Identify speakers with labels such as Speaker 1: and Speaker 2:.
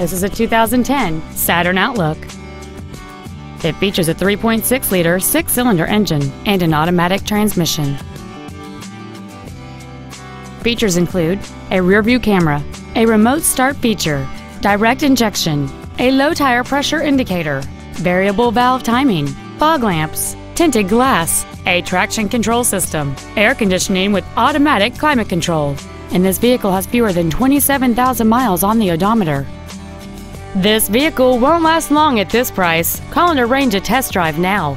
Speaker 1: This is a 2010 Saturn Outlook. It features a 3.6 liter six cylinder engine and an automatic transmission. Features include a rearview camera, a remote start feature, direct injection, a low tire pressure indicator, variable valve timing, fog lamps, tinted glass, a traction control system, air conditioning with automatic climate control, and this vehicle has fewer than 27,000 miles on the odometer.
Speaker 2: This vehicle won't last long at this price. Call and arrange a
Speaker 3: test drive now.